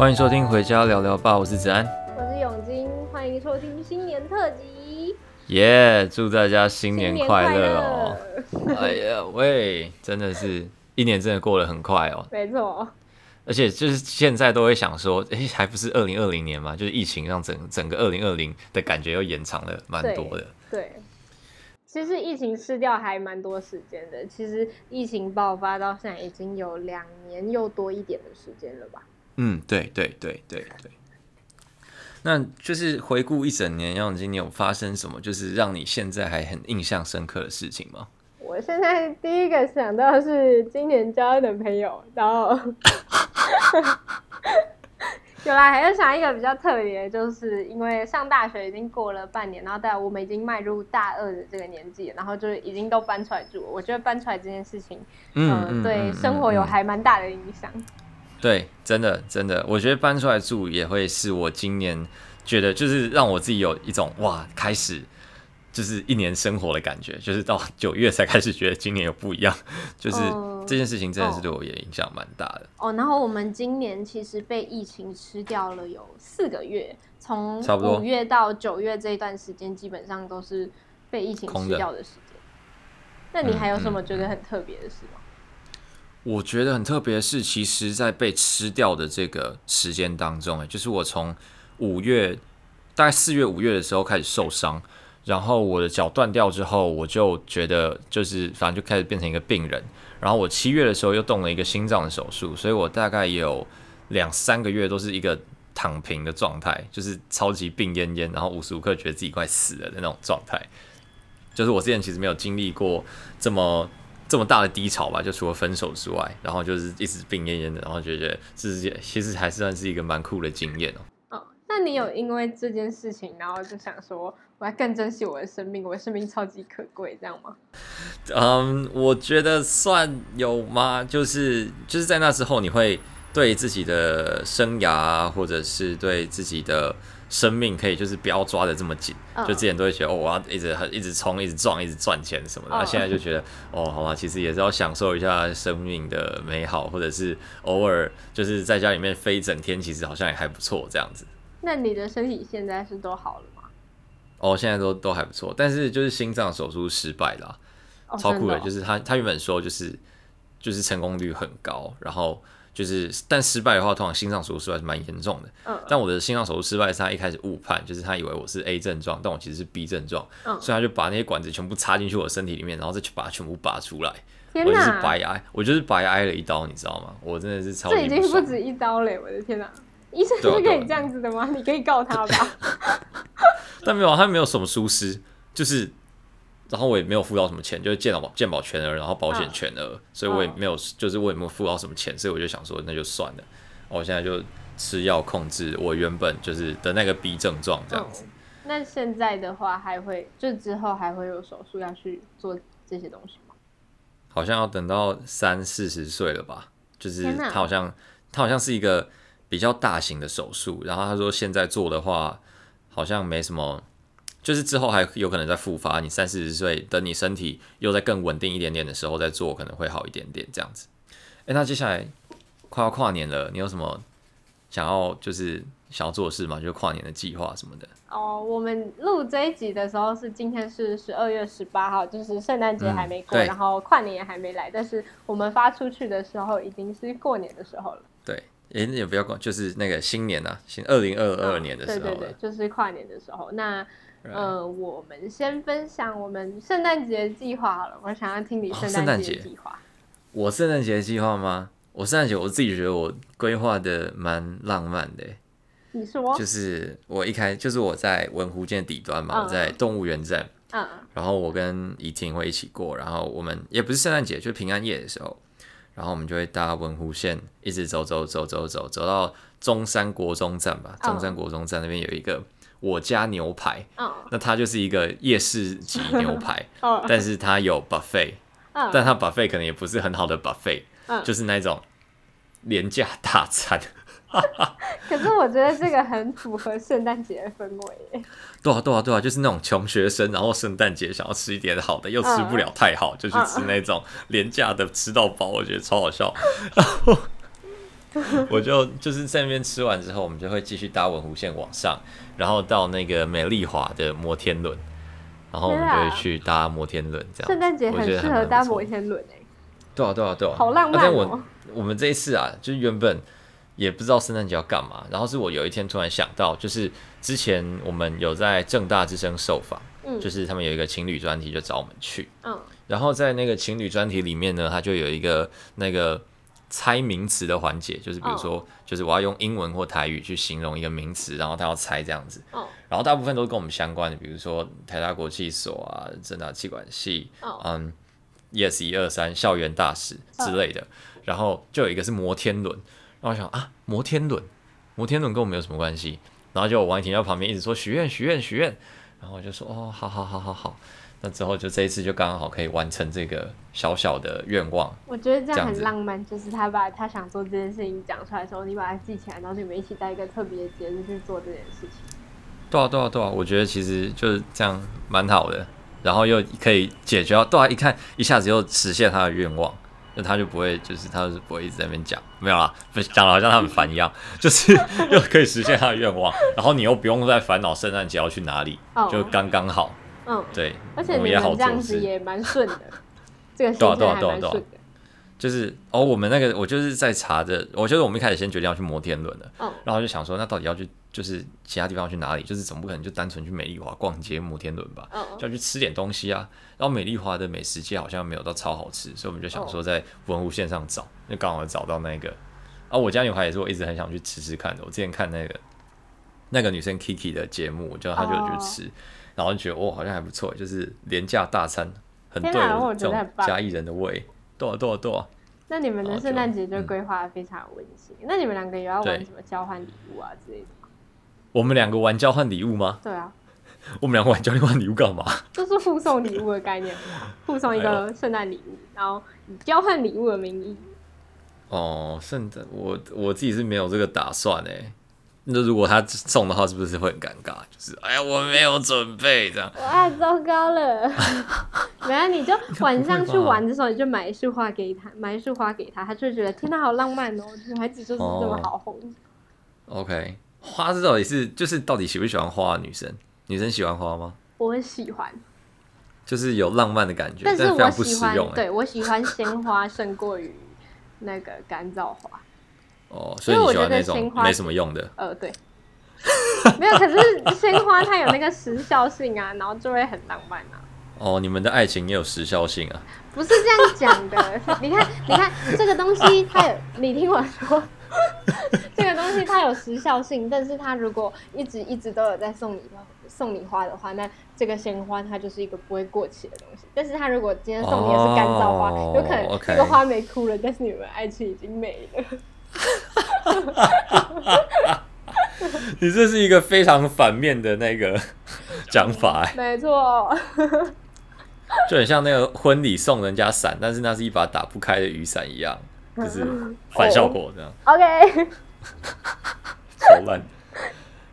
歡迎收聽《回家聊聊吧》，我是子安，我是永金。歡迎收聽新年特輯，耶、yeah！祝大家新年快樂哦！新年快樂。 哎呀，喂，真的是一年真的過得很快哦。沒錯。而且就是現在都會想說，哎，還不是二零二零年嗎？就是疫情讓整整個二零二零的感覺又延長了蠻多的。對，對。其實疫情吃掉還蠻多時間的。其實疫情爆發到現在已經有兩年又多一點的時間了吧。嗯，對對對對對，那就是回顧一整年，要你今年有發生什麼，就是讓你現在還很印象深刻的事情嗎？我現在第一個想到是今年交的朋友，然後 有啦，還要想一個比較特別，就是因為上大學已經過了半年，然後但我們已經邁入大二的這個年紀，然後就已經都搬出來住，我覺得搬出來這件事情、呃，嗯，對生活有還蠻大的影響。嗯嗯嗯對，真的真的，我覺得搬出來住也會是我今年覺得就是讓我自己有一種哇，開始就是一年生活的感覺，就是到九月才開始覺得今年有不一樣，就是這件事情真的是對我也影響蠻大的。哦，哦哦然後我們今年其實被疫情吃掉了有四個月，從五月到九月這一段時間基本上都是被疫情吃掉的時間。那你還有什麼覺得很特別的事嗎？嗯嗯我覺得很特別是，其實，在被吃掉的這個時間當中，誒，就是我從五月，大概四月、五月的時候開始受傷，然後我的腳斷掉之後，我就覺得就是，反正就開始變成一個病人。然後我七月的時候又動了一個心臟的手術，所以我大概有兩三個月都是一個躺平的狀態，就是超級病懨懨，然後無時無刻覺得自己快死了的那種狀態。就是我之前其實沒有經歷過這麼。這麼大的低潮吧，就除了分手之外，然後就是一直病懨懨的，然後覺得，其實其實還是算是一個蠻酷的經驗哦。哦，那你有因為這件事情，然後就想說，我要更珍惜我的生命，我的生命超級可貴，這樣嗎？嗯、um，我覺得算有嗎？就是就是在那之後，你會對自己的生涯，或者是對自己的。生命可以就是不要抓得這麼緊，oh. 就之前都會覺得哦，我要一直很一直衝，一直撞，一直賺錢什麼的。那、oh. 啊、現在就覺得哦，好吧，其實也是要享受一下生命的美好，或者是偶爾就是在家裡面飛整天，其實好像也還不錯這樣子。那你的身體現在是都好了嗎？哦，現在都都還不錯，但是就是心臟手術失敗了、啊，oh, 超酷的，真的哦、就是他他原本說就是就是成功率很高，然後。就是，但失敗的話，通常心臟手術還是蠻嚴重的，嗯。但我的心臟手術失敗是他一開始誤判，就是他以為我是 A 症狀，但我其實是 B 症狀，嗯，所以他就把那些管子全部插進去我身體裡面，然後再去把它全部拔出來。天哪！我就是白挨，我就是白挨了一刀，你知道嗎？我真的是超級。這已經不止一刀嘞，我的天哪，醫生是可以這樣子的嗎？啊啊，你可以告他吧。 但沒有，他沒有什麼疏失，就是。然後我也沒有付到什麼錢，就是健保、健保全額，然後保險全額，啊、所以我也沒有、哦，就是我也沒有付到什麼錢，所以我就想說，那就算了。我現在就吃藥控制我原本就是的那個 B 症狀這樣子。哦、那現在的話，還會就之後還會有手術要去做這些東西嗎？好像要等到三四十歲了吧？就是他好像、啊、他好像是一個比較大型的手術，然後他說現在做的話好像沒什麼。就是之後還有可能再復發，你三四十歲，等你身體又再更穩定一點點的時候再做，可能會好一點點這樣子。哎、欸，那接下來快要跨年了，你有什麼想要就是想要做的事嗎？就是、跨年的計劃什麼的。哦，我們錄這一集的時候是今天是十二月十八號，就是聖誕節還沒過，嗯，然後跨年也還沒來，但是我們發出去的時候已經是過年的時候了。對，哎、欸，也不要管，就是那個新年啊，新二零二二年的時候對，對對，就是跨年的時候那。呃，我們先分享我們聖誕節計劃了。我想要聽你聖誕節計劃。我聖誕節計劃嗎？我聖誕節我自己覺得我規劃的蠻浪漫的。你說，我，就是我一開就是我在文湖線底端嘛、嗯，我在動物園站。嗯，然後我跟怡婷會一起過，然後我們也不是聖誕節，就是平安夜的時候，然後我們就會搭文湖線一直走走走走走走到中山國中站吧。中山國中站那邊有一個。嗯我家牛排，oh. 那它就是一個夜市級牛排， oh. 但是它有 buffet，oh. 但它 buffet 可能也不是很好的 buffet，oh. 就是那種廉價大餐。 可是我覺得這個很符合聖誕節的氛圍。 對啊，對啊，對啊，就是那種窮學生，然後聖誕節想要吃一點好的，又吃不了太好，oh. 就去吃那種廉價的，吃到飽，我覺得超好笑。 我就就是在那邊吃完之後，我們就會繼續搭文湖線往上，然後到那個美麗華的摩天輪，然後我們就會去搭摩天輪這樣。聖誕節很適合搭摩天輪哎、欸！對啊對啊對啊！好浪漫、喔啊、我我們這一次啊，就是原本也不知道聖誕節要幹嘛，然後是我有一天突然想到，就是之前我們有在政大之聲受訪，嗯，就是他們有一個情侶專題，就找我們去，嗯，然後在那個情侶專題裡面呢，他就有一個那個。猜名詞的環節，就是比如說，oh. 就是我要用英文或台語去形容一個名詞，然後他要猜這樣子。Oh. 然後大部分都是跟我們相關的，比如說台大國際所啊、政大企管系、嗯、oh. um，Yes 一二三校園大使之類的。Oh. 然後就有一個是摩天輪，然後我想啊，摩天輪，摩天輪跟我們有什麼關係？然後就我王一婷在旁邊一直說許願，許願，許願。然後我就說哦，好好好好好。那之後就這一次就剛剛好可以完成這個小小的願望。我覺得這樣很浪漫，就是他把他想做這件事情講出來的時候，你把他記起來，然後你們一起帶一個特別的節日去做這件事情。對啊對啊對啊，我覺得其實就是這樣蠻好的，然後又可以解決到。對啊，一看一下子又實現他的願望，那他就不會就是他就是不會一直在那邊講，沒有啦，不講了，好像他很煩一樣， 就是又可以實現他的願望， 然後你又不用再煩惱聖誕節要去哪裡，oh. 就剛剛好。嗯、對，而且你們這樣子也蠻順的， 這個行程還蠻順的。嗯的 啊啊啊啊啊、 就是哦，我們那個我就是在查的，我覺得我們一開始先決定要去摩天輪的、嗯，然後就想說，那到底要去就是其他地方要去哪裡？就是總不可能就單純去美麗華逛街，摩天輪吧、嗯？就要去吃點東西啊。然後美麗華的美食街好像沒有到超好吃，所以我們就想說在文湖線上找，嗯、就剛好找到那個。啊、哦，我家女孩也是我一直很想去吃吃看的。我之前看那個那個女生 Kiki 的節目，就她就去吃。哦然後覺得哦，好像還不錯，就是廉價大餐，很對，加一人的胃，多多多。那你們的聖誕節就規劃非常溫馨、嗯。那你們兩個也要玩什麼交換禮物啊之類的嗎？我們兩個玩交換禮物嗎？對啊。 我們兩個玩交換禮物幹嘛？這，就是附送禮物的概念， 附送一個聖誕禮物、哎，然後以交換禮物的名義。哦，聖誕，我我自己是沒有這個打算哎。那如果他送的話，是不是會很尷尬？就是哎呀，我沒有準備這樣。我太糟糕了！ 沒有，你就晚上去玩的時候，你就買一束花給他，買一束花給他，他就會覺得天哪、啊，好浪漫哦！女 孩子就是這麼好哄。OK，花至少也是，就是到底喜不喜歡花？女生，女生喜歡花嗎？我很喜歡，就是有浪漫的感覺，但是我喜歡但非常不實用、欸。對我喜歡鮮花勝過於那個乾燥花。哦，所以你喜歡那種沒什麼用的。呃，對，沒有。可是鮮花它有那個時效性啊，然後就會很浪漫啊。哦，你們的愛情也有時效性啊？不是這樣講的。 你看，你看這個東西，它有， 你聽我說，這個東西它有時效性，但是它如果一直一直都有在送你送你花的話，那這個鮮花它就是一個不會過期的東西。但是它如果今天送你也是乾燥花，哦，有可能這個花沒枯了，哦 okay，但是你們愛情已經沒了。 你這是一個非常反面的那個講法哎、欸，沒錯， 就很像那個婚禮送人家傘，但是那是一把打不開的雨傘一樣，就是反效果這樣。 OK，醜 男。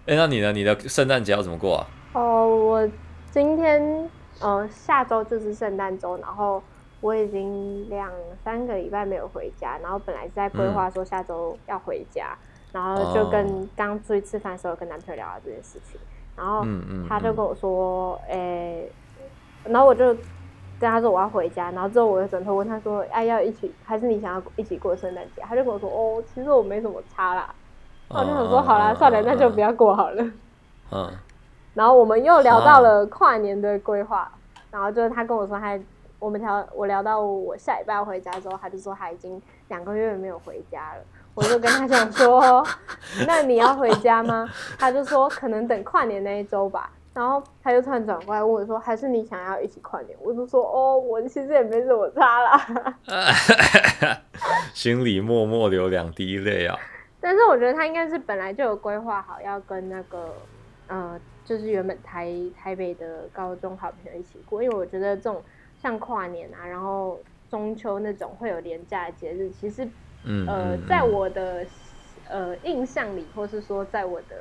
哎、欸，那你呢？你的聖誕節要怎麼過啊？哦、呃，我今天嗯、呃，下周就是聖誕週，然後。我已經兩三個禮拜沒有回家，然後本來是在規劃說下周要回家，嗯、然後就跟剛出去吃飯的時候跟男朋友聊了這件事情，然後他就跟我說，誒、嗯嗯嗯欸，然後我就跟他說我要回家，然後之後我就轉頭問他說，哎、啊，要一起還是你想要一起過聖誕節？他就跟我說，哦，其實我沒什麼差啦，然後我就想說，啊、好啦，算了，那就不要過好了。嗯、啊，然後我們又聊到了跨年的規劃，啊、然後就是他跟我說他。我們聊，我聊到我，我下禮拜要回家之後，他就說他已經兩個月沒有回家了。我就跟他講說， 那你要回家嗎？他就說可能等跨年那一周吧。然後他就突然轉過來問我說，還是你想要一起跨年？我就說哦，我其實也沒什麼差啦。 」 心裡默默流兩滴淚啊。但是我覺得他應該是本來就有規劃好要跟那個，嗯、呃，就是原本台台北的高中好朋友一起過，因為我覺得這種。像跨年啊，然後中秋那種會有連假的節日，其實、嗯，呃，在我的呃印象裡，或是說在我的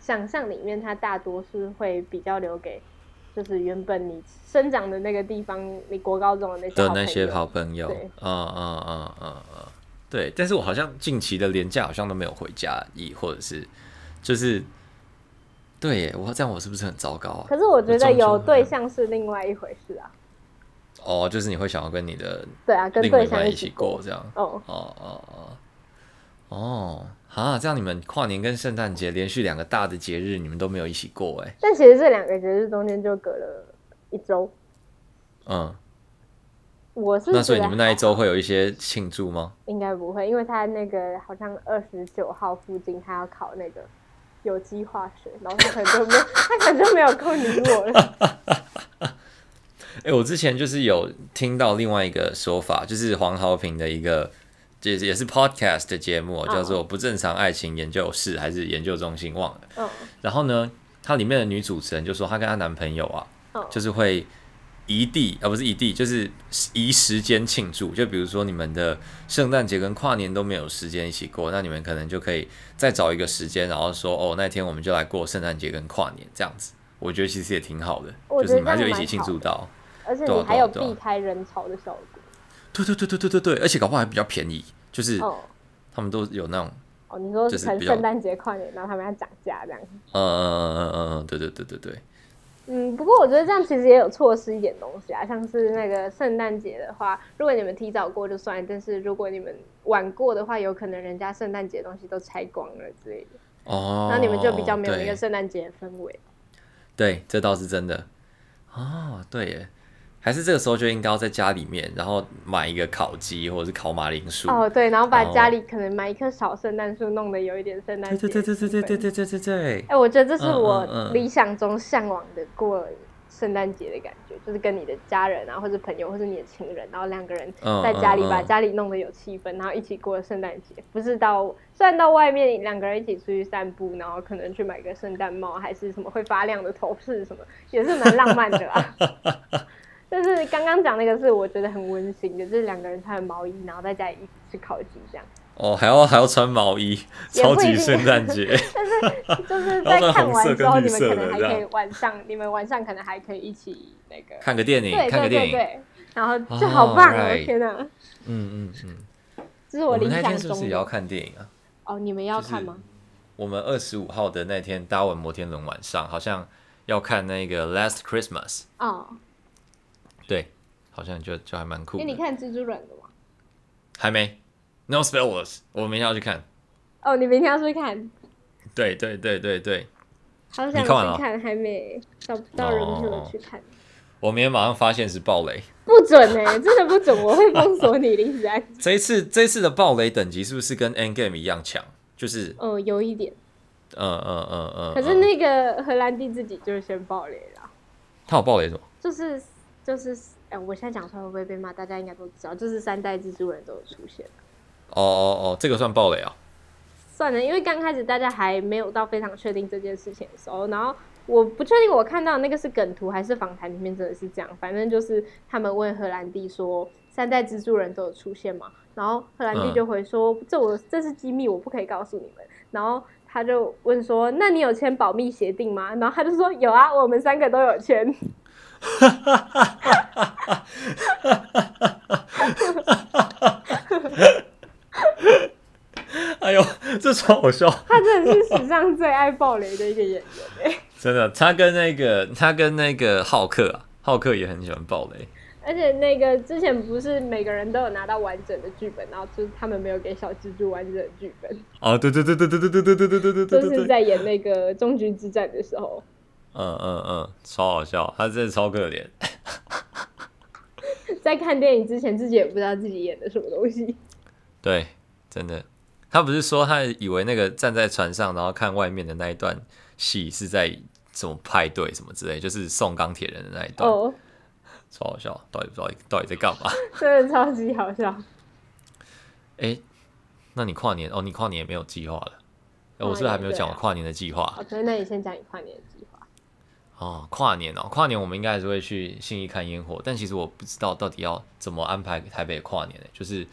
想象裡面，它大多是會比較留給，就是原本你生長的那個地方，你國高中的那些的那些好朋友，嗯嗯嗯嗯，嗯對。但是我好像近期的連假好像都沒有回家，亦或者是就是，對耶我這樣我是不是很糟糕啊？可是我覺得有對象是另外一回事啊。哦、oh,，就是你會想要跟你的對啊，跟對象一起過這樣。哦哦哦哦，哦哈，這樣，你們跨年跟聖誕節連續兩個大的節日，你們都沒有一起過哎、欸。但其實這兩個節日中間就隔了一週。嗯，我是，是那所以你們那一週會有一些慶祝嗎？應該不會，因為他那個好像二十九號附近，他要考那個有機化學，老師很多沒 他肯定沒有空理我。 哎、欸，我之前就是有聽到另外一個說法，就是黃豪平的一個，這也是 Podcast 的節目、喔，oh. 叫做《不正常愛情研究室》還是研究中心忘了。Oh. 然後呢，它裡面的女主持人就說，她跟她男朋友啊，oh. 就是會移地啊不是移地，就是移時間慶祝。就比如說你們的聖誕節跟跨年都沒有時間一起過，那你們可能就可以再找一個時間，然後說哦那天我們就來過聖誕節跟跨年這樣子。我覺得其實也挺好的，oh. 就是你們還就一起慶祝到。Oh. 而且你還有避開人潮的效果。對、啊、對、啊對,啊、對對對對對，而且搞不好還比較便宜，就是、哦、他們都有那種哦。你說是趁聖誕節快點，然後他們要漲價這樣。嗯嗯嗯嗯嗯，對對對對對。嗯，不過我覺得這樣其實也有錯失一點東西啊，像是那個聖誕節的話，如果你們提早過就算，但是如果你們晚過的話，有可能人家聖誕節東西都拆光了之類的哦，那你們就比較沒有那個聖誕節的氛圍。對，這倒是真的。哦，對耶。還是這個時候就應該要在家裡面，然後買一個烤雞或者是烤馬鈴薯。哦，對，然後把家裡可能買一棵小聖誕樹，弄得有一點聖誕。對對對對對對對對對對。哎、欸，我覺得這是我理想中向往的過聖誕節的感覺、嗯嗯嗯，就是跟你的家人啊，或者朋友，或者你的情人，然後兩個人在家裡把家裡弄得有氣氛，嗯嗯嗯、然後一起過聖誕節。不是到雖然到外面兩個人一起出去散步，然後可能去買個聖誕帽，還是什麼會發亮的頭飾什麼，也是蠻浪漫的啊。 就是剛剛講那個是我覺得很溫馨的，就是兩個人穿毛衣，然後在家裡一起烤雞這樣。哦，還要還要穿毛衣，超級聖誕節。 是就是在看完之後，後紅色跟綠色的，你們可能還可以晚上， 你們晚上可能還可以一起那個看個電影，對對對，看個電影，然後就好棒、喔！Oh, right. 天哪、啊，嗯嗯嗯，就、嗯、 是我，我那天是不是也要看電影啊？哦、oh，你們要看嗎？就是、我們二十五號的那天搭完摩天輪，晚上好像要看那個《Last Christmas》哦、oh。對，好像就就還蠻酷。那你看蜘蛛人的嗎？還沒，No spoilers 我明天要去看。哦、oh,，你明天要去看？對對對對對。好想去看，還、oh, oh, oh. 沒，找不到人我去看。我明天馬上發現是暴雷，不准呢、欸，真的不准， 我會封鎖你林子安。 這一次，這一次的暴雷等級是不是跟 Endgame 一樣強？就是，哦、呃，有一點。嗯嗯嗯嗯。可是那個荷蘭弟自己就是先暴雷了。他有暴雷嗎？就是。就是哎、欸，我現在講出來會不會被罵？大家應該都知道，就是三代蜘蛛人都有出現。哦哦哦，這個算爆雷啊！算了，因為剛開始大家還沒有到非常確定這件事情的時候。然後我不確定我看到那個是梗圖還是訪談裡面真的是這樣。反正就是他們問荷蘭弟說三代蜘蛛人都有出現嘛，然後荷蘭弟就回說這我、嗯、這是機密，我不可以告訴你們。然後他就問說，那你有簽保密協定嗎？然後他就說有啊，我們三個都有簽。 哎呦，這超好笑！他真的是史上最愛爆雷的一個演員哎！ 真的，他跟那個他跟那個浩克啊，浩克也很喜歡爆雷。而且那個之前不是每個人都有拿到完整的劇本，然後就是他們沒有給小蜘蛛完整的劇本。哦，對對對對對對對對對對對對對，就是在演那個終局之戰的時候。嗯嗯嗯，超好笑，他真的超可憐。 在看電影之前，自己也不知道自己演的什麼東西。對，真的，他不是說他以為那個站在船上，然後看外面的那一段戲是在什麼派對什麼之類，就是送鋼鐵人的那一段。哦、oh.，超好笑，到底不知道到底在幹嘛。 真的超級好笑。哎、欸，那你跨年哦？你跨年也沒有計劃了？我、啊哦、是不是還沒有講跨年的計劃？啊、o、okay, k 那你先講你跨年。哦，跨年哦，跨年我們應該還是會去信義看煙火，但其實我不知道到底要怎麼安排台北跨年的，就是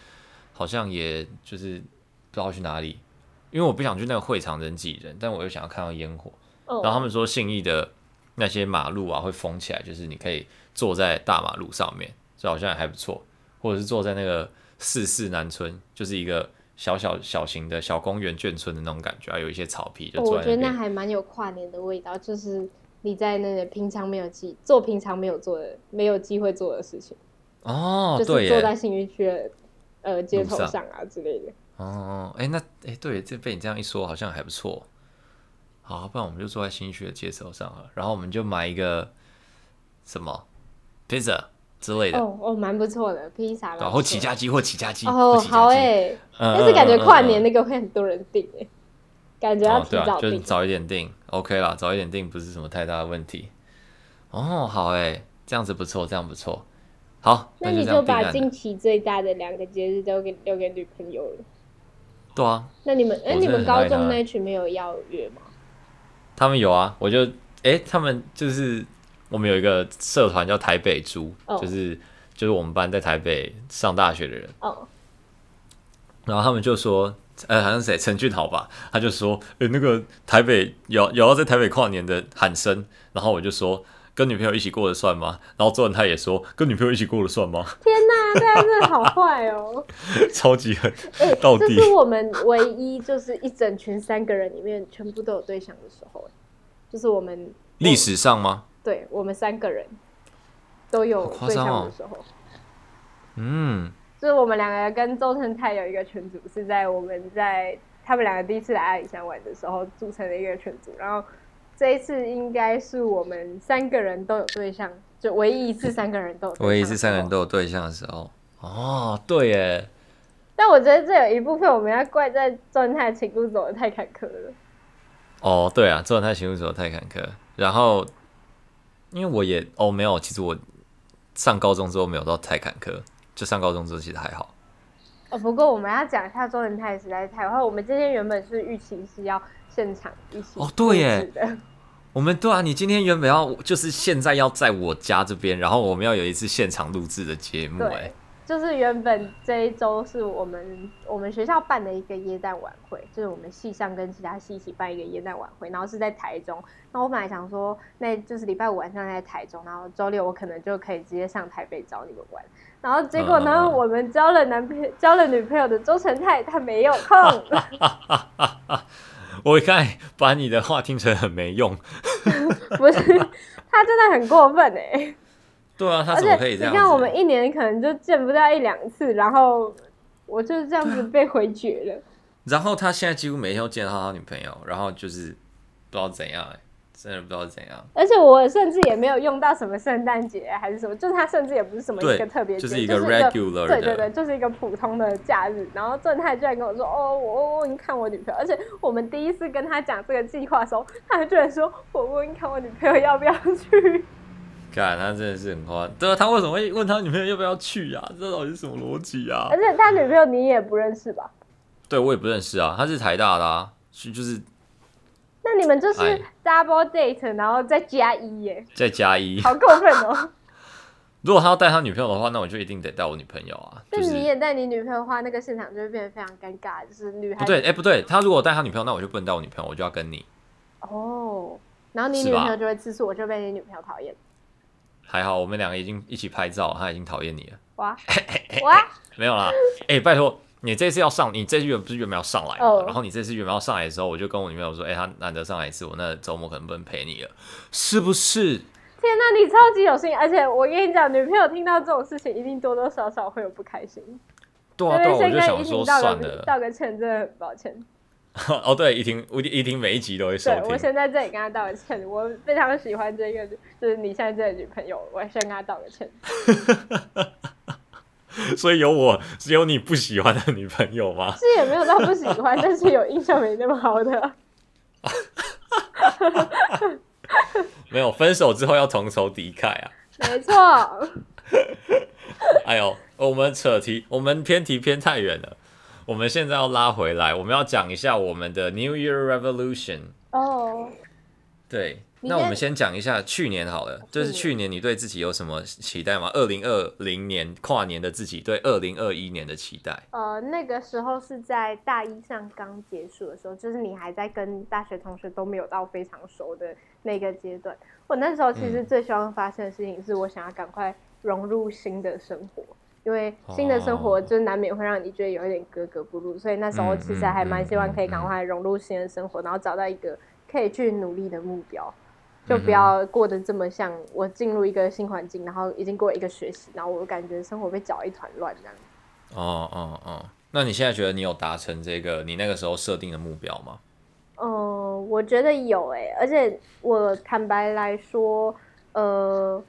好像也就是不知道去哪裡，因為我不想去那個會場人擠人，但我又想要看到煙火。Oh. 然後他們說信義的那些馬路啊會封起來，就是你可以坐在大馬路上面，就好像還不錯，或者是坐在那個四四南村，就是一個小小小型的小公園眷村的那種感覺，還有一些草皮，就、oh, 我覺得那還蠻有跨年的味道，就是。你在那個平常沒有機做平常沒有做的沒有機會做的事情哦，就是坐在信義區的呃街頭上啊之類的哦，哎、欸、那哎、欸、對，這被你這樣一說好像還不錯，好不然我們就坐在信義區的街頭上啊，然後我們就買一個什麼披薩之類的哦哦，蠻不錯的披薩了，然後起家雞或起家雞。哦，機哦好哎、嗯，但是感覺跨年那個會很多人訂哎。嗯嗯嗯嗯感覺要提早，哦，對、啊，就是早一點定，OK 啦，早一點定不是什麼太大的問題。哦，好哎、欸，這樣子不錯，這樣不錯。好，那你就把近期最大的兩個節日都給留給女朋友了。對、哦、啊。那你們，哎、欸，你們高中那群沒有邀約嗎？他們有啊，我就，哎、欸，他們就是，我們有一個社團叫台北豬、哦，就是就是我們班在台北上大學的人。哦。然後他們就說。呃，好像誰陳俊豪吧？他就說，哎、欸，那個台北有有要在台北跨年的喊聲，然後我就說，跟女朋友一起過的算嗎？然後昨晚他也說，跟女朋友一起過的算嗎？天吶、啊，大家真的好壞哦， 超級狠。欸」到底，這是我們唯一就是一整群三個人裡面全部都有對象的時候，就是我們歷史上嗎？對，我們三個人都有對象的時候，啊、嗯。就我們兩個跟周成泰有一個群組，是在我們在他們兩個第一次來阿里山玩的時候組成了一個群組，然後這一次應該是我們三個人都有對象，就唯一一次三個人都有唯一一次三個人都有對象的時候。哦，對耶。但我覺得這有一部分我們要怪在周成泰情路走的太坎坷了。哦，對啊，周成泰情路走的太坎坷，然後因為我也，哦，沒有，其實我上高中之後沒有到太坎坷。就上高中之後，其實還好。哦，不過我們要講一下周仁泰是在台灣。我們今天原本是預期是要現場一起。哦，對耶。我們對啊，你今天原本要就是現在要在我家這邊，然後我們要有一次現場錄制的節目。對，就是原本這一周是我們我們學校辦的一個耶誕晚會，就是我們系上跟其他系一起辦一個耶誕晚會，然後是在台中。那我本來想說，那就是禮拜五晚上在台中，然後周六我可能就可以直接上台北找你們玩。然後結果呢？嗯、我們交了男朋友、嗯、交了女朋友的周成泰，他沒有空。啊啊啊啊、我一看把你的話聽成很沒用。 不是，他真的很過分哎。對啊，他怎麼可以這樣？你看我們一年可能就見不到一兩次，然後我就這樣子被回絕了。啊、然後他現在幾乎每天都見到他女朋友，然後就是不知道怎樣哎。真的不知道怎樣，而且我甚至也沒有用到什麼聖誕節還是什麼， 就是他甚至也不是什麼一個特別，就是一個 regular，對對對,對,對,對,對，就是一個普通的假日。然後正太居然跟我說：“哦，我我問、哦、看我女朋友。”而且我們第一次跟他講這個計劃的時候，他還居然說：“我問你看我女朋友要不要去。”幹，他真的是很誇張。對啊，他為什麼會問他女朋友要不要去呀、啊？這到底是什麼邏輯啊？而且他女朋友你也不認識吧？對我也不認識啊，他是台大的啊，去就是。那你們就是 double date，然後再加一耶，再加一，好過分哦！ 如果他要帶他女朋友的話，那我就一定得帶我女朋友啊。就是、但是你也帶你女朋友的話，那個現場就會變得非常尷尬。就是女，孩女不對，哎、欸、不對，他如果帶他女朋友，那我就不能帶我女朋友，我就要跟你哦。然後你女朋友就會吃醋，我就被你女朋友討厭。還好我們兩個已經一起拍照，他已經討厭你了。哇啊，沒有啦。哎、 欸，拜託。你這次要上，你這月不是原本要上來嘛？Oh. 然後你這次原本要上來的時候，我就跟我女朋友說：“哎、欸，他難得上來一次，我那周末可能不能陪你了，是不是？”天哪，你超級有心！而且我跟你講，女朋友聽到這種事情，一定多多少少會有不開心。對、啊、對、對、對、啊，我就想說，現在算了，道個歉，真的很抱歉。 哦，對，一定，一定，一聽，每一集都會收聽。對，我先在這裡跟她道個歉，我非常喜歡這個，就是你現在這個女朋友，我先跟她道個歉。 所以有我，是有你不喜歡的女朋友嗎？是也沒有到不喜歡， 但是有印象沒那麼好的。 沒有分手之後，要同仇敵愾啊！ 沒錯錯。 哎呦，我們扯題，我們偏題偏太遠了。我們現在要拉回來，我們要講一下我們的 New Year Revolution。哦、oh.，對。那我們先講一下去年好了，就是去年你對自己有什麼期待嗎？二零二零年跨年的自己對二零二一年的期待？呃，那個時候是在大一上剛結束的時候，就是你還在跟大學同學都沒有到非常熟的那個階段。我那時候其實最希望發生的事情是我想要趕快融入新的生活，因為新的生活就難免會讓你覺得有一點格格不入，所以那時候其實還蠻希望可以趕快融入新的生活，然後找到一個可以去努力的目標。就不要過得這麼像我進入一個新環境，然後已經過一個學期，然後我感覺生活被攪一團亂這樣。哦哦哦，那你現在覺得你有達成這個你那個時候設定的目標嗎？嗯、呃，我覺得有誒、欸，而且我坦白來說，呃，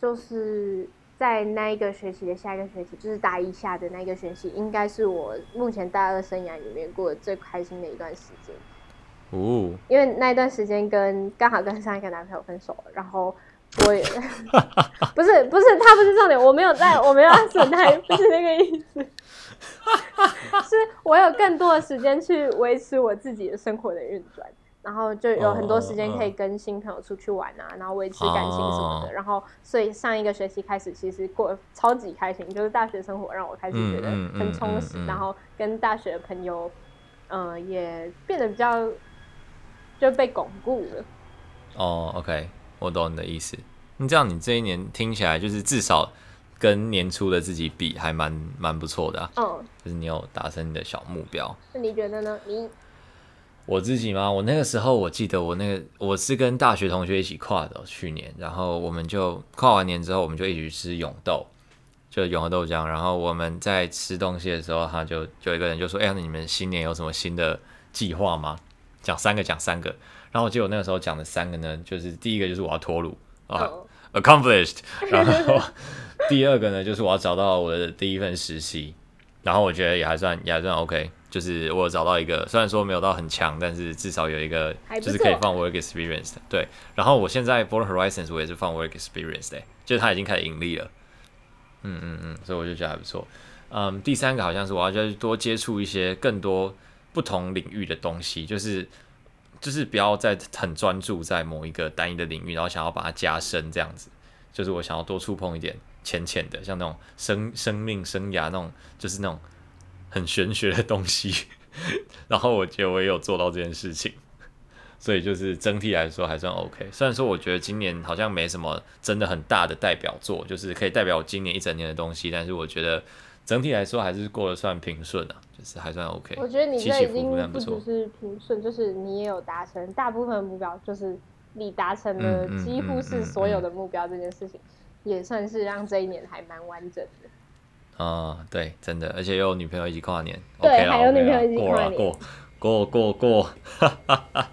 就是在那一個學期的下一個學期，就是大一下的那一個學期，應該是我目前大二生涯裡面過得最開心的一段時間。哦，因為那一段時間跟剛好跟上一個男朋友分手了，然後我也 不是不是，他不是重點，我沒有在我沒有甩他，不 是那個意思， 是我有更多的時間去維持我自己的生活的運轉，然後就有很多時間可以跟新朋友出去玩啊，然後維持感情什麼的，然後所以上一個學期開始其實過超級開心，就是大學生活讓我開始覺得很充實，嗯嗯嗯嗯嗯、然後跟大學的朋友嗯、呃、也變得比較。就被鞏固了。哦、oh,，OK，我懂你的意思。那這樣，你這一年聽起來就是至少跟年初的自己比還，還蠻蠻不錯的、啊。嗯、oh.，就是你有達成你的小目標。那你覺得呢？你我自己嗎？我那個時候我記得我那個我是跟大學同學一起跨的，去年，然後我們就跨完年之後，我們就一起吃永豆，就永和豆漿。然後我們在吃東西的時候，他就就有一個人就說：“哎呀，你們新年有什麼新的計劃嗎？”講三個，講三個。然後結果我那個時候講的三個呢，就是第一個就是我要脫魯啊，accomplished。 然後第二個呢，就是我要找到我的第一份實習， 然後我覺得也還算也還算 OK，就是我有找到一個，雖然說沒有到很強，但是至少有一個就是可以放 work experience 的。對，然後我現在 Border horizons，我也是放 work experience，的、欸，就是它已經開始盈利了。嗯嗯嗯，所以我就覺得還不錯。嗯，第三個好像是我要再去多接觸一些更多。不同領域的東西，就是就是不要再很專注在某一個單一的領域，然後想要把它加深這樣子，就是我想要多觸碰一點淺淺的，像那種生生命、生涯那種，就是那種很玄學的東西。 然後我覺得我也有做到這件事情，所以就是整體來說還算 OK。雖然說我覺得今年好像沒什麼真的很大的代表作，就是可以代表我今年一整年的東西，但是我覺得。整體來說還是過得算平順啊，就是還算 OK。我覺得你這已經不只是平順，就是你也有達成、嗯就是、有達成大部分的目標，就是你達成的幾乎是所有的目標，這件事情也算是讓這一年還蠻完整的。哦、嗯。對，真的，而且又有女朋友一起跨年，對，OK、還有女朋友一起跨年，OK OK、過過過過。過嗯、過過過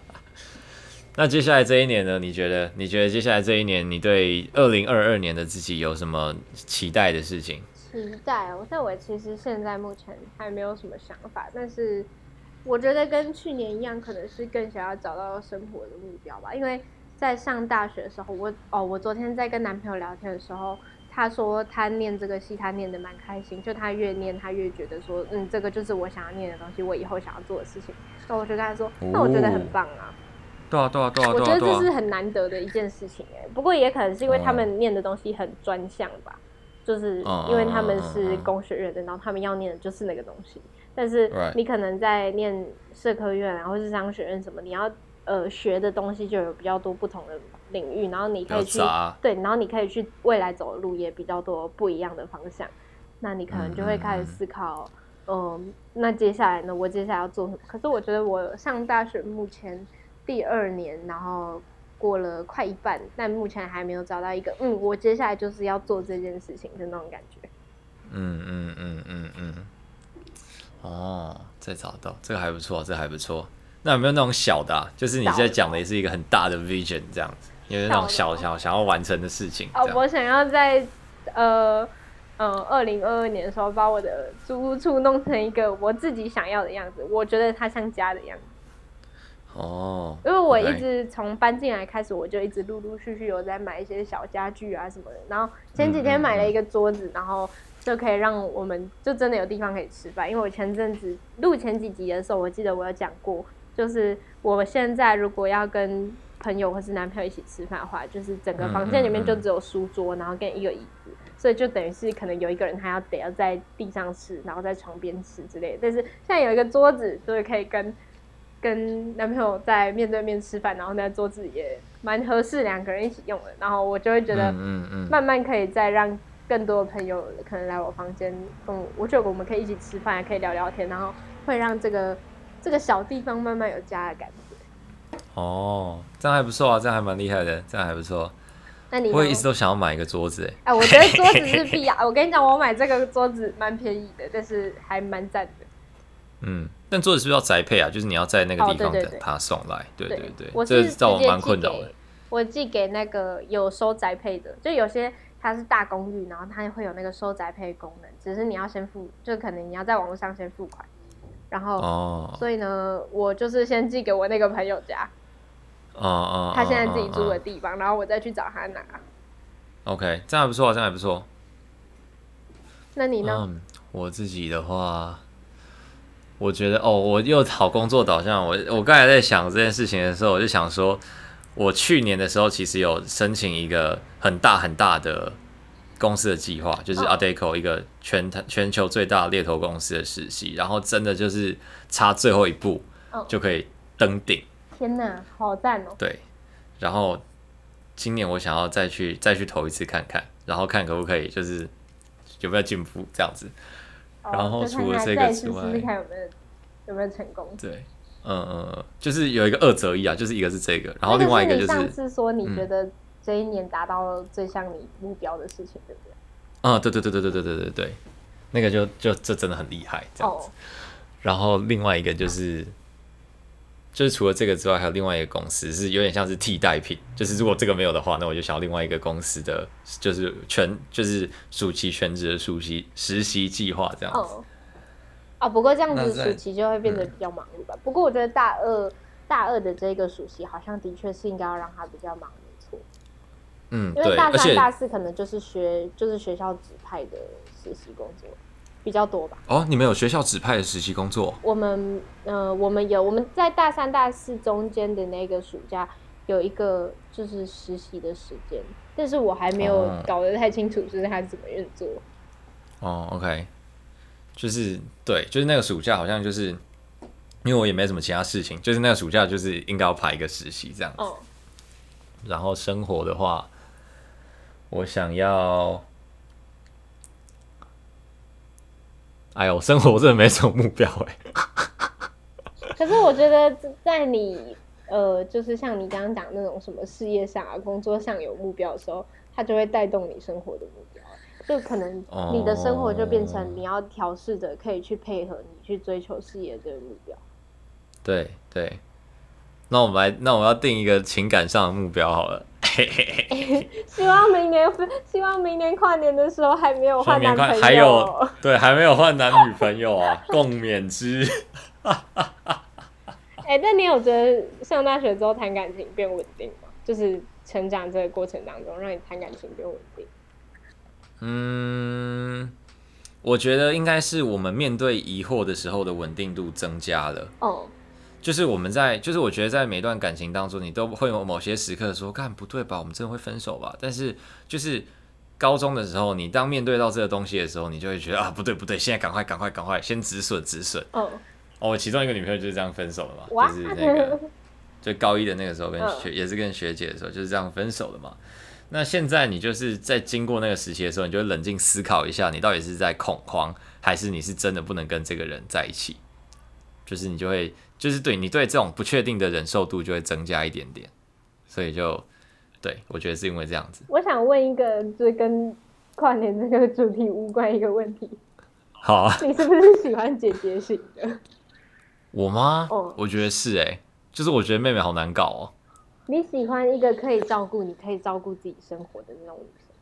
那接下來這一年呢？你覺得？你覺得接下來這一年，你對二零二二年的自己有什麼期待的事情？現在、哦，像我其實現在目前還沒有什麼想法，但是我覺得跟去年一樣，可能是更想要找到生活的目標吧。因為在上大學的時候，我哦，我昨天在跟男朋友聊天的時候，他說他念這個戲，他念得蠻開心，就他越念他越覺得說，嗯，這個就是我想要念的東西，我以後想要做的事情。那我就跟他說、哦，那我覺得很棒啊，對啊對啊，對啊，對，啊，對，啊，對，啊對啊，我覺得這是很難得的一件事情哎、欸。不過也可能是因為他們念的東西很專項吧。嗯就是因為他們是工學院的，然後他們要念的就是那個東西。但是你可能在念社科院，然後是商學院什麼，你要呃學的東西就有比較多不同的領域，然後你可以去對，然後你可以去未來走的路也比較多不一樣的方向。那你可能就會開始思考，嗯，那接下來呢？我接下來要做什麼。可是我覺得我上大學目前第二年，然後。過了快一半，但目前還沒有找到一個。嗯，我接下來就是要做這件事情的那種感覺。嗯嗯嗯嗯嗯。哦，再找到這個還不錯，這個、還不錯。那有沒有那種小的、啊？就是你現在講的也是一個很大的 vision 的這樣子，有那種小、小小想要完成的事情。哦，我想要在呃嗯二零二二年的時候把我的租屋處弄成一個我自己想要的樣子，我覺得它像家的樣子。哦，因為我一直從搬進來開始，我就一直陸陸續續有在買一些小家具啊什麼的。然後前幾天買了一個桌子，然後就可以讓我們就真的有地方可以吃飯。因為我前陣子錄前幾集的時候，我記得我有講過，就是我們現在如果要跟朋友或是男朋友一起吃飯的話，就是整個房間裡面就只有書桌，然後跟一個椅子，所以就等於是可能有一個人他要得要在地上吃，然後在床邊吃之類的。但是現在有一個桌子，所以可以跟。跟男朋友在面對面吃飯，然後那桌子也蠻合適，兩個人一起用的。然後我就會覺得，嗯嗯，慢慢可以再讓更多的朋友可能來我房間，嗯，我覺得我們可以一起吃飯，也可以聊聊天，然後會讓這個這個小地方慢慢有家的感覺。哦，這樣還不錯啊，這樣還蠻厲害的，這樣還不錯。那你呢？我也一直都想要買一個桌子，哎，哎，我覺得桌子是必要。我跟你講，我買這個桌子蠻便宜的，但、就是還蠻讚的。嗯。但做的是不是要宅配啊？就是你要在那個地方等他送來，oh, 對，對對對，這我蠻困擾的。我寄給那個有收宅配的，就有些它是大公寓，然後它會有那個收宅配功能，只是你要先付，就可能你要在網絡上先付款，然後，oh. 所以呢，我就是先寄給我那個朋友家，哦哦，他現在自己住的地方，然後我再去找他拿。OK，這樣還不錯啊，這樣還不錯。那你呢？Um, 我自己的話。我覺得哦，我又好工作導向。我我剛才在想這件事情的時候，我就想說，我去年的時候其實有申請一個很大很大的公司的計劃，就是 Adecco、哦、一個全全球最大獵頭公司的實習，然後真的就是差最後一步、哦、就可以登頂。天吶，好讚哦！對，然後今年我想要再去再去投一次看看，然後看可不可以就是有沒有進步這樣子。然後除了這個之外，哦、看看試試有，沒有，有沒有成功。對，嗯、呃、嗯，就是有一個二擇一啊，就是一個是這個，然後另外一個就是，就是你上次說你覺得這一年達到最像你目標的事情，對不對？啊、嗯，對對對對對對對對對，那個就就這真的很厲害這樣子。哦，然後另外一個就是。啊就是除了這個之外，還有另外一個公司是有點像是替代品。就是如果這個沒有的話，那我就想要另外一個公司的，就是全就是暑期全職的暑期實習計劃這樣子。哦，哦不過這樣子暑期就會變得比較忙碌吧。嗯、不過我覺得大二大二的這個暑期好像的確是應該要讓他比較忙碌，嗯，因為大三大，大，大四可能就是學就是學校指派的實習工作。比較多吧。哦，你們有學校指派的實習工作？我們，呃，我們有，我們在大三大四中間的那個暑假有一個就是實習的時間，但是我還沒有搞得太清楚，就是他怎麼運作。哦，哦，OK，就是對，就是那個暑假好像就是，因為我也沒什麼其他事情，就是那個暑假就是應該要排一個實習這樣子。哦。然後生活的話，我想要。哎呦，我生活真的沒什麼目標哎、欸。 可是我覺得，在你呃，就是像你剛剛講那種什麼事業上啊、工作上有目標的時候，它就會帶動你生活的目標。就可能你的生活就變成你要調試的，可以去配合你去追求事業的這個目標。對對，那我們來，那我要定一個情感上的目標好了。 希望明年，希望明年跨年的時候還沒有換男朋友，喔， 還有對，還沒有換男女朋友啊，共勉之。哎、 欸，那你有覺得上大學之後談感情變穩定嗎？就是成長這個過程當中，讓你談感情變穩定？嗯，我覺得應該是我們面對疑惑的時候的穩定度增加了。哦。就是我們在，就是我覺得在每段感情當中，你都會有某些時刻說，看不對吧，我們真的會分手吧？但是就是高中的時候，你當面對到這個東西的時候，你就會覺得啊，不對不對，現在趕快趕快趕快，先止損止損。嗯。哦，其中一個女朋友就是這樣分手了嘛？What? 就是那個就高一的那個時候跟學、oh. 也是跟學姐的時候就是這樣分手了嘛？那現在你就是在經過那個時期的時候，你就冷靜思考一下，你到底是在恐慌，還是你是真的不能跟這個人在一起？就是你就會。就是對你對這種不確定的忍受度就會增加一點點，所以就對，我覺得是因為這樣子。我想問一個，就跟跨年這個主題無關一個問題。好啊，你是不是喜歡姐姐型的？我嗎？Oh. 我覺得是哎、欸，就是我覺得妹妹好難搞哦。你喜歡一個可以照顧你、可以照顧自己生活的那種女生？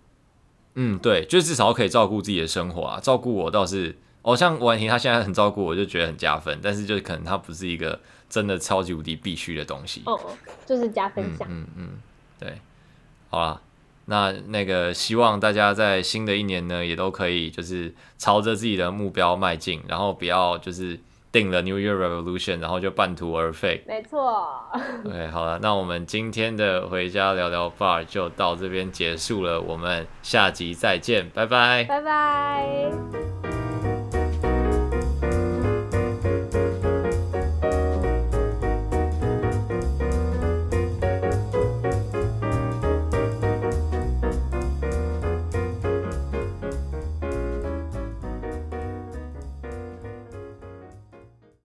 嗯，對，就至少可以照顧自己的生活啊。照顧我倒是。哦，像婉婷她現在很照顧我，我就覺得很加分。但是就是可能她不是一個真的超級無敵必須的東西。哦哦，就是加分項。嗯嗯，嗯，對。好了，那那個希望大家在新的一年呢，也都可以就是朝着自己的目標邁進，然後不要就是定了 New Year Revolution，然後就半途而廢。沒錯。 o、okay，好了，那我們今天的回家聊聊 Bar 就到這邊結束了，我們下集再見，拜拜，拜拜。